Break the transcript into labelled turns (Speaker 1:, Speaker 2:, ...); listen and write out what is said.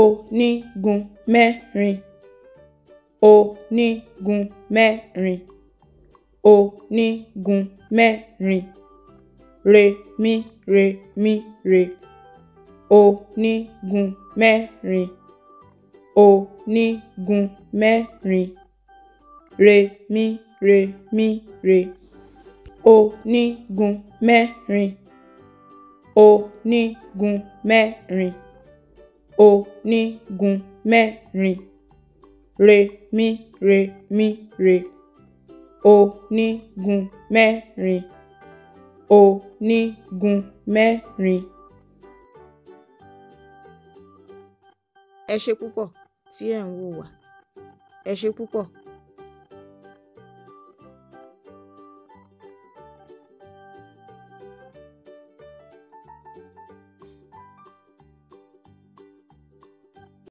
Speaker 1: onígun mẹ́rin onígun mẹ́rin onígun mẹ́rin rèmí rèmí re onígun mẹ́rin onígun mẹ́rin rèmí rèmí re onígun mẹ́rin onígun mẹ́rin onígun mẹ́rin re mi re onígun mẹ́rin onígun mẹ́rin.
Speaker 2: ẹ ṣé púpọ̀ tí ẹ̀ ń wò wá ẹ ṣé púpọ̀